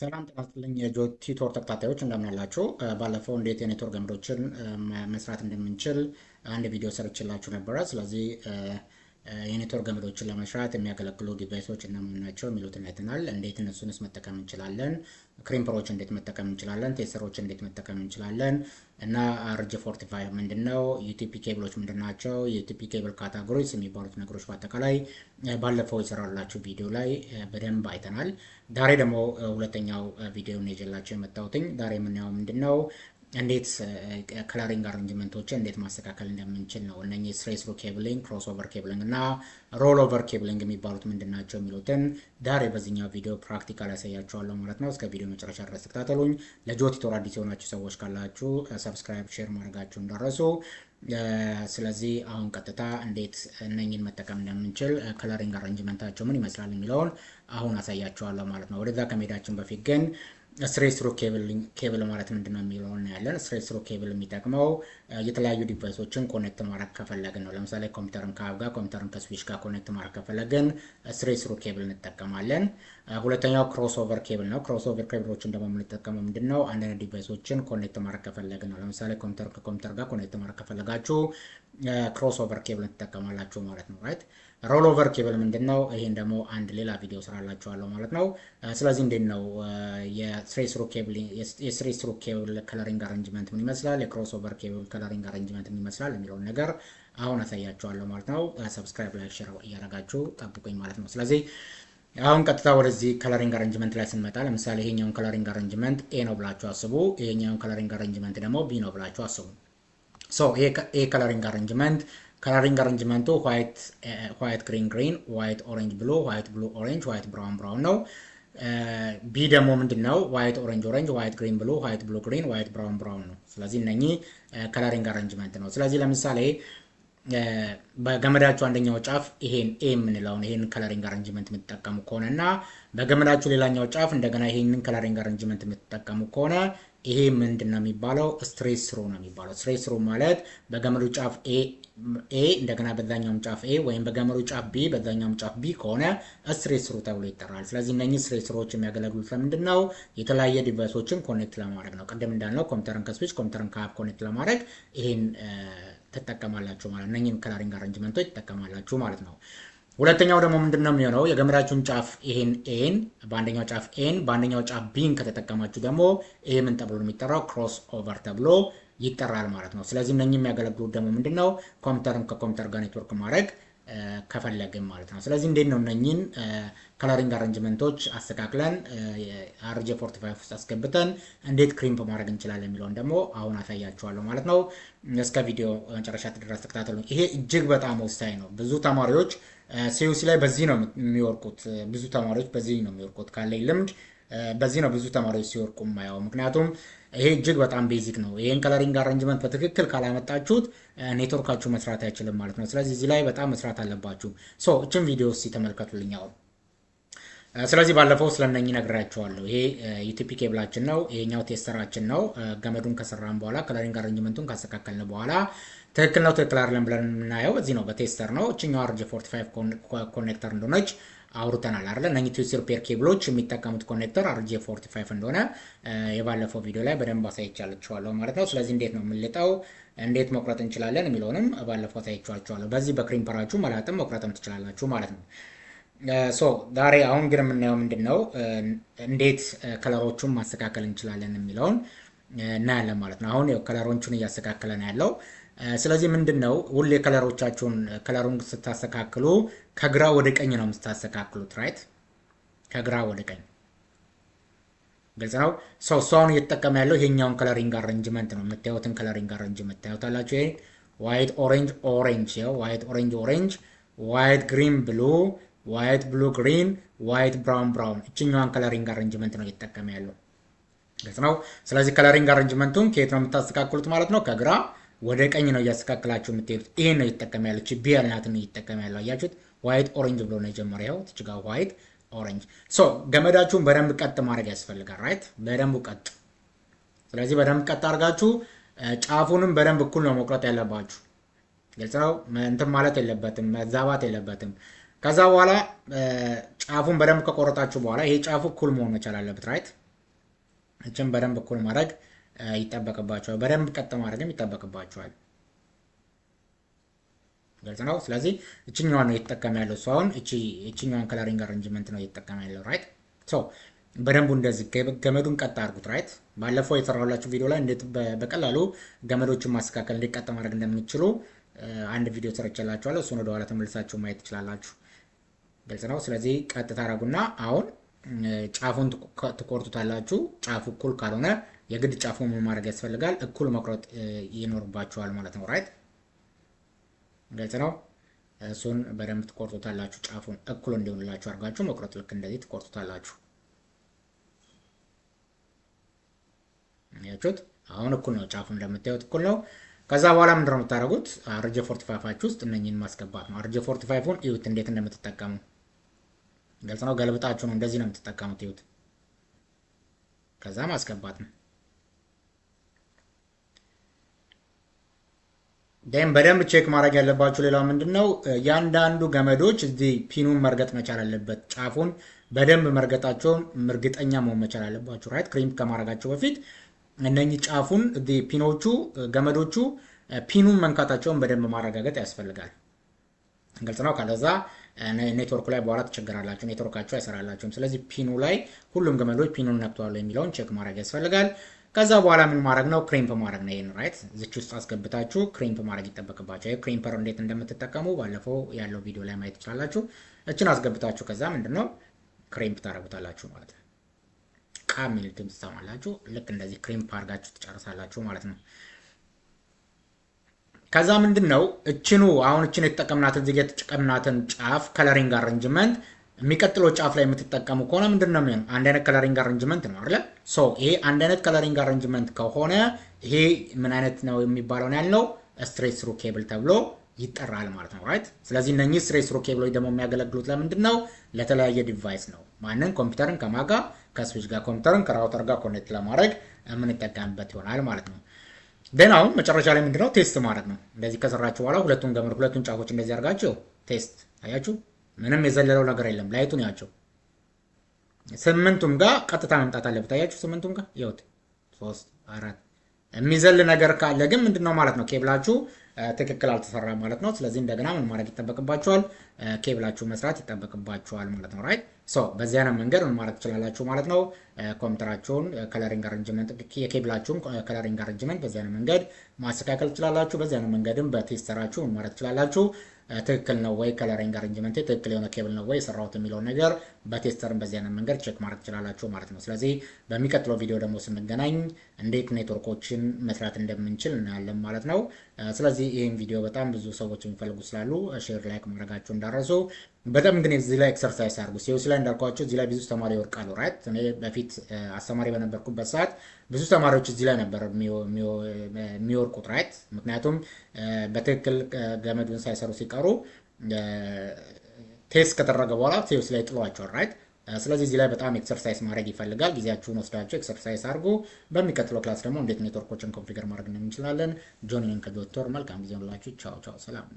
ሰላም ጤና ይስጥልኝ የጆቲ ቶር ተከታታዮች እንደምናላችሁ። ባለፈው እንዴት የኔትወርክ ገመዶችን መስራት እንደምንችል አንድ ቪዲዮ ሰርችላችሁ ነበረ። ስለዚህ የኔትወርክ ገመዶችን ለመስራት የሚያገለግሉ ዲቫይሶች እነማን ናቸው የሚሉትን አይተናል። እንዴት እነሱንስ መጠቀም እንችላለን፣ ክሪምፐሮች እንዴት መጠቀም እንችላለን፣ ቴሰሮች እንዴት መጠቀም እንችላለን እና አርጅ ፎርቲፋይ ምንድን ነው፣ ዩቲፒ ኬብሎች ምንድን ናቸው፣ የዩቲፒ ኬብል ካታጎሪስ የሚባሉት ነገሮች በአጠቃላይ ባለፈው የሰራላችሁ ቪዲዮ ላይ በደንብ አይተናል። ዛሬ ደግሞ ሁለተኛው ቪዲዮ ነው ይዤላችሁ የመጣሁትኝ። ዛሬ የምናየው ምንድን ነው እንዴት ክለሪንግ አረንጅመንቶች እንዴት ማስተካከል እንደምንችል ነው። እነ ስትሬስ ኬብሊንግ፣ ክሮስ ኦቨር ኬብሊንግ እና ሮል ኦቨር ኬብሊንግ የሚባሉት ምንድን ናቸው የሚሉትን ዳሬ በዚኛው ቪዲዮ ፕራክቲካል ያሳያቸዋለሁ ማለት ነው። እስከ ቪዲዮ መጨረሻ ድረስ ተከታተሉኝ። ለጆቲቶር አዲስ የሆናችሁ ሰዎች ካላችሁ ሰብስክራይብ፣ ሼር ማድረጋችሁ እንዳረሱ። ስለዚህ አሁን ቀጥታ እንዴት እነኝን መጠቀም እንደምንችል ክለሪንግ አረንጅመንታቸው ምን ይመስላል የሚለውን አሁን አሳያቸዋለሁ ማለት ነው። ወደዛ ከመሄዳችን በፊት ግን ስትሬት ስሩ ኬብል ማለት ምንድን ነው የሚለው እናያለን። ስትሬት ስሩ ኬብል የሚጠቅመው የተለያዩ ዲቫይሶችን ኮኔክት ማድረግ ከፈለግን ነው። ለምሳሌ ኮምፒውተርን ከአብ ጋር፣ ኮምፒውተርን ከስዊች ጋር ኮኔክት ማድረግ ከፈለግን ስትሬት ስሩ ኬብል እንጠቀማለን። ሁለተኛው ክሮስ ኦቨር ኬብል ነው። ክሮስ ኦቨር ኬብሎችን ደግሞ የምንጠቀመው ምንድን ነው አንዳንድ ዲቫይሶችን ኮኔክት ማድረግ ከፈለግን ነው። ለምሳሌ ኮምፒውተር ከኮምፒውተር ጋር ኮኔክት ማድረግ ከፈለጋችሁ ክሮስ ኦቨር ኬብል ትጠቀማላችሁ ማለት ነው ራይት። ሮል ኦቨር ኬብል ምንድን ነው? ይሄን ደግሞ አንድ ሌላ ቪዲዮ ስራላችኋለሁ ማለት ነው። ስለዚህ እንዴት ነው የስትሬት ስሩ ኬብል ከለሪንግ አረንጅመንት ምን ይመስላል፣ የክሮስ ኦቨር ኬብል ከለሪንግ አረንጅመንት ምን ይመስላል የሚለውን ነገር አሁን አሳያችኋለሁ ማለት ነው። ሰብስክራይብ ላይክ፣ ሼር እያደረጋችሁ ጠብቁኝ ማለት ነው። ስለዚህ አሁን ቀጥታ ወደዚህ ከለሪንግ አረንጅመንት ላይ ስንመጣ ለምሳሌ ይሄኛውን ከለሪንግ አረንጅመንት ኤ ነው ብላችሁ አስቡ። ይሄኛውን ከለሪንግ አረንጅመንት ደግሞ ቢ ነው ብላችሁ አስቡ። ሶ ይሄ ከለሪንግ አረንጅመንት ከለሪንግ አረንጅመንቱ ዋይት ግሪን ግሪን፣ ዋይት ኦሬንጅ ብሉ፣ ዋይት ብሉ ኦሬንጅ፣ ዋይት ብራውን ብራውን ነው። ቢ ደግሞ ምንድን ነው? ዋይት ኦሬንጅ ኦሬንጅ፣ ዋይት ግሪን ብሉ፣ ዋይት ብሉ ግሪን፣ ዋይት ብራውን ብራውን ነው። ስለዚህ እነኚህ ከለሪንግ uh, አረንጅመንት ነው። ስለዚህ ለምሳሌ uh, በገመዳችሁ አንደኛው ጫፍ ይሄን ኤ የምንለውን ይሄን ከለሪንግ አረንጅመንት የምትጠቀሙ ከሆነ እና በገመዳችሁ ሌላኛው ጫፍ እንደገና ይሄንን ከለሪንግ አረንጅመንት የምትጠቀሙ ከሆነ ይሄ ምንድን ነው የሚባለው? ስትሬስ ሮ ነው የሚባለው። ስትሬስ ሮ ማለት በገመዱ ጫፍ ኤ ኤ እንደገና በዛኛውም ጫፍ ኤ ወይም በገመዱ ጫፍ ቢ በዛኛውም ጫፍ ቢ ከሆነ ስትሬስ ሮ ተብሎ ይጠራል። ስለዚህ እነኚህ ስትሬስ ሮዎች የሚያገለግሉት ለምንድን ነው? የተለያየ ዲቫይሶችን ኮኔክት ለማድረግ ነው። ቅድም እንዳልነው ኮምፒውተርን ከስዊች ኮምፒውተርን ከሀብ ኮኔክት ለማድረግ ይሄን ትጠቀማላችሁ ማለት ነው። እነኚህን ከለሪንግ አረንጅመንቶች ትጠቀማላችሁ ማለት ነው። ሁለተኛው ደግሞ ምንድን ነው የሚሆነው? የገመዳችሁን ጫፍ ይሄን ኤን በአንደኛው ጫፍ ኤን በአንደኛው ጫፍ ቢን ከተጠቀማችሁ ደግሞ ይሄ ምን ተብሎ የሚጠራው? ክሮስ ኦቨር ተብሎ ይጠራል ማለት ነው። ስለዚህ እነኚህ የሚያገለግሉት ደግሞ ምንድን ነው? ኮምፒውተርን ከኮምፒውተር ጋር ኔትወርክ ማድረግ ከፈለግን ማለት ነው። ስለዚህ እንዴት ነው እነኚህን ከለሪንግ አረንጅመንቶች አስተካክለን አርጀ ፎርቲ ውስጥ አስገብተን እንዴት ክሪምፕ ማድረግ እንችላለን የሚለውን ደግሞ አሁን አሳያችኋለሁ ማለት ነው። እስከ ቪዲዮ መጨረሻ ድረስ ተከታተሉ። ይሄ እጅግ በጣም ወሳኝ ነው። ብዙ ተማሪዎች ሲዩሲ ላይ በዚህ ነው የሚወርቁት። ብዙ ተማሪዎች በዚህ ነው የሚወርቁት ካለኝ ልምድ በዚህ ነው ብዙ ተማሪዎች ሲወርቁ ማየው። ምክንያቱም ይሄ እጅግ በጣም ቤዚክ ነው። ይህን ከለሪንግ አረንጅመንት በትክክል ካላመጣችሁት ኔትወርካችሁ መስራት አይችልም ማለት ነው። ስለዚህ እዚህ ላይ በጣም መስራት አለባችሁ። ሶ እችን ቪዲዮ ሲ ተመልከቱልኛው። ስለዚህ ባለፈው ስለነኝ ነግራችኋለሁ። ይሄ ዩቲፒ ኬብላችን ነው። ይሄኛው ቴስተራችን ነው። ገመዱን ከሰራን በኋላ ከለሪንግ አረንጅመንቱን ካስተካከልን በኋላ ትክክል ነው ትክክል አይደለም ብለን የምናየው በዚህ ነው፣ በቴስተር ነው። እችኛው አርጅ 45 ኮኔክተር እንደሆነች አውርተናል አለ እነ ቱ ፔር ኬብሎች የሚጠቀሙት ኮኔክተር አርጄ 45 እንደሆነ የባለፈው ቪዲዮ ላይ በደንብ አሳይቻችኋለሁ ማለት ነው። ስለዚህ እንዴት ነው የምንልጠው፣ እንዴት መቁረጥ እንችላለን የሚለውንም ባለፈው አሳይቻችኋለሁ። በዚህ በክሪም ፐራችሁ መላጥም መቁረጥም ትችላላችሁ ማለት ነው። ሶ ዛሬ አሁን ግን የምናየው ምንድን ነው፣ እንዴት ከለሮቹን ማስተካከል እንችላለን የሚለውን እናያለን ማለት ነው። አሁን ከለሮቹን እያስተካከለ ነው ያለው ስለዚህ ምንድን ነው ሁሌ ከለሮቻችሁን ከለሩን ስታስተካክሉ ከግራ ወደ ቀኝ ነው የምታስተካክሉት። ራይት ከግራ ወደ ቀኝ ግልጽ ነው። ሰው እሷን እየተጠቀመ ያለው ይሄኛውን ከለሪንግ አረንጅመንት ነው። የምታዩትን ከለሪንግ አረንጅመንት ታዩታላችሁ። ይሄ ዋይት ኦሬንጅ ኦሬንጅ፣ ያው ዋይት ኦሬንጅ ኦሬንጅ፣ ዋይት ግሪን ብሉ፣ ዋይት ብሉ ግሪን፣ ዋይት ብራውን ብራውን። እችኛዋን ከለሪንግ አረንጅመንት ነው እየተጠቀመ ያለው ግልጽ ነው። ስለዚህ ከለሪንግ አረንጅመንቱን ከየት ነው የምታስተካክሉት ማለት ነው ከግራ ወደ ቀኝ ነው እያስተካከላችሁ የምትሄዱት። ይሄን ነው እየተጠቀመ ያለች ቢ ያልናትን እየተጠቀመ ያለው አያችሁት። ዋይት ኦሬንጅ ብሎ ነው የጀመረው። ትችጋ ዋይት ኦሬንጅ። ሶ ገመዳችሁን በደንብ ቀጥ ማድረግ ያስፈልጋል። ራይት በደንቡ ቀጥ። ስለዚህ በደንብ ቀጥ አድርጋችሁ ጫፉንም በደንብ እኩል ነው መቁረጥ ያለባችሁ። ግልጽ ነው። እንትን ማለት የለበትም መዛባት የለበትም። ከዛ በኋላ ጫፉን በደንብ ከቆረጣችሁ በኋላ ይሄ ጫፉ እኩል መሆን መቻል አለበት። ራይት እችን በደንብ እኩል ማድረግ ይጠበቅባቸዋል። በደንብ ቀጥ ማድረግም ይጠበቅባቸዋል። ግልጽ ነው። ስለዚህ እችኛዋን ነው እየተጠቀመ ያለው እሱ አሁን እችኛዋን ከለሪንግ አረንጅመንት ነው እየተጠቀመ ያለው ራይት። ሶ በደንቡ እንደዚህ ገመዱን ቀጥ አድርጉት ራይት። ባለፈው የሰራሁላችሁ ቪዲዮ ላይ እንዴት በቀላሉ ገመዶችን ማስተካከል እንዴት ቀጥ ማድረግ እንደምችሉ አንድ ቪዲዮ ሰርቼላችኋለሁ። እሱን ወደኋላ ተመልሳችሁ ማየት ትችላላችሁ። ግልጽ ነው። ስለዚህ ቀጥ አረጉና አሁን ጫፉን ትቆርጡታላችሁ። ጫፉ እኩል ካልሆነ የግድ ጫፉ ምን ማድረግ ያስፈልጋል? እኩል መቁረጥ ይኖርባቸዋል ማለት ነው። ራይት ግልጽ ነው። እሱን በደንብ ትቆርጡታላችሁ። ጫፉን እኩል እንዲሆንላችሁ አድርጋችሁ መቁረጥ፣ ልክ እንደዚህ ትቆርጡታላችሁ። ያችሁት አሁን እኩል ነው፣ ጫፉ እንደምታዩት እኩል ነው። ከዛ በኋላ ምንድነው የምታደርጉት? አርጀ ፎርቲ ውስጥ እነኝን ማስገባት ነው። አርጀ ፎርቲ ፋይፉን እዩት እንዴት እንደምትጠቀሙ ግልጽ ነው። ገልብጣችሁ ነው እንደዚህ ነው የምትጠቀሙት። እዩት ከዛ ማስገባት ነው። ደም በደንብ ቼክ ማድረግ ያለባችሁ ሌላው ምንድን ነው፣ እያንዳንዱ ገመዶች እዚህ ፒኑን መርገጥ መቻል አለበት። ጫፉን በደንብ መርገጣቸውን እርግጠኛ መሆን መቻል አለባችሁ። ራይት ክሪምፕ ከማድረጋቸው በፊት እነኚህ ጫፉን እዚህ ፒኖቹ ገመዶቹ ፒኑን መንካታቸውን በደንብ ማረጋገጥ ያስፈልጋል። ግልጽ ነው። ካለዛ ኔትወርኩ ላይ በኋላ ትቸገራላችሁ፣ ኔትወርካችሁ አይሰራላችሁም። ስለዚህ ፒኑ ላይ ሁሉም ገመዶች ፒኑን ነክተዋል የሚለውን ቼክ ማድረግ ያስፈልጋል። ከዛ በኋላ ምን ማድረግ ነው? ክሬምፕ ማድረግ ነው። ይህን ራይት ዝች ውስጥ አስገብታችሁ ክሬምፕ ማድረግ ይጠበቅባቸው። ክሬምፐር እንዴት እንደምትጠቀሙ ባለፈው ያለው ቪዲዮ ላይ ማየት ትችላላችሁ። እችን አስገብታችሁ ከዛ ምንድን ነው ክሬምፕ ታደረጉታላችሁ ማለት ነው። ቃ የሚል ድምፅ ትሰማላችሁ። ልክ እንደዚህ ክሬምፕ አድርጋችሁ ትጨርሳላችሁ ማለት ነው። ከዛ ምንድን ነው እችኑ አሁን እችን የተጠቀምናትን ዚጋ የተጠቀምናትን ጫፍ ከለሪንግ አረንጅመንት የሚቀጥለው ጫፍ ላይ የምትጠቀሙ ከሆነ ምንድን ነው የሚሆን? አንድ አይነት ከለሪንግ አረንጅመንት ነው አለ። ሶ ይሄ አንድ አይነት ከለሪንግ አረንጅመንት ከሆነ ይሄ ምን አይነት ነው የሚባለው ነው ያልነው፣ ስትሬት ስሩ ኬብል ተብሎ ይጠራል ማለት ነው ራይት። ስለዚህ እነኚህ ስትሬት ስሩ ኬብሎች ደግሞ የሚያገለግሉት ለምንድን ነው? ለተለያየ ዲቫይስ ነው። ማንን? ኮምፒውተርን ከማጋ ከስዊች ጋር ኮምፒውተርን ከራውተር ጋር ኮኔክት ለማድረግ የምንጠቀምበት ይሆናል ማለት ነው። ደን አሁን መጨረሻ ላይ ምንድነው ቴስት ማድረግ ነው። እንደዚህ ከሰራችሁ በኋላ ሁለቱን ገመድ ሁለቱን ጫፎች እንደዚህ አድርጋችሁ ቴስት አያችሁ ምንም የዘለለው ነገር የለም። ላይቱን ያቸው ስምንቱም ጋር ቀጥታ መምጣት አለበት። አያችሁ ስምንቱም ጋር ይወት ሶስት አራት የሚዘል ነገር ካለ ግን ምንድነው ማለት ነው ኬብላችሁ ትክክል አልተሰራ ማለት ነው። ስለዚህ እንደገና ምን ማድረግ ይጠበቅባችኋል? ኬብላችሁ መስራት ይጠበቅባችኋል ማለት ነው። ራይት ሶ በዚህ አይነት መንገድ ምን ማድረግ ትችላላችሁ ማለት ነው። ኮምፒውተራችሁን ከለሪንግ አረንጅመንት፣ የኬብላችሁን ከለሪንግ አረንጅመንት በዚህ አይነት መንገድ ማስተካከል ትችላላችሁ። በዚህ አይነት መንገድም በቴስተራችሁ ምን ማድረግ ትችላላችሁ ትክክል ነው ወይ ከለሪንግ አረንጅመንት ትክክል የሆነ ኬብል ነው ወይ የሰራሁት የሚለውን ነገር በቴስተርን በዚህ አይነት መንገድ ቼክ ማድረግ ትችላላችሁ ማለት ነው። ስለዚህ በሚቀጥለው ቪዲዮ ደግሞ ስንገናኝ እንዴት ኔትወርኮችን መስራት እንደምንችል እናያለን ማለት ነው። ስለዚህ ይህም ቪዲዮ በጣም ብዙ ሰዎች የሚፈልጉ ስላሉ ሼር፣ ላይክ ማድረጋችሁ እንዳረሱ በጣም ግን እዚህ ላይ ኤክሰርሳይዝ አድርጉ። ሲዮሲ ላይ እንዳልኳቸው እዚህ ላይ ብዙ ተማሪ ይወድቃሉ። ራይት እኔ በፊት አስተማሪ በነበርኩበት ሰዓት ብዙ ተማሪዎች እዚህ ላይ ነበር የሚወርቁት። ራይት ምክንያቱም በትክክል ገመዱን ሳይሰሩ ሲቀ ስለቀሩ ቴስት ከተደረገ በኋላ ቴስት ላይ ጥሏቸዋል ራይት። ስለዚህ እዚህ ላይ በጣም ኤክሰርሳይዝ ማድረግ ይፈልጋል። ጊዜያችሁን ወስዳችሁ ኤክሰርሳይዝ አድርጉ። በሚቀጥለው ክላስ ደግሞ እንዴት ኔትወርኮችን ኮንፊገር ማድረግ እንችላለን። ጆኒን ከዶክተር መልካም ጊዜ ሁላችሁ። ቻው ቻው፣ ሰላም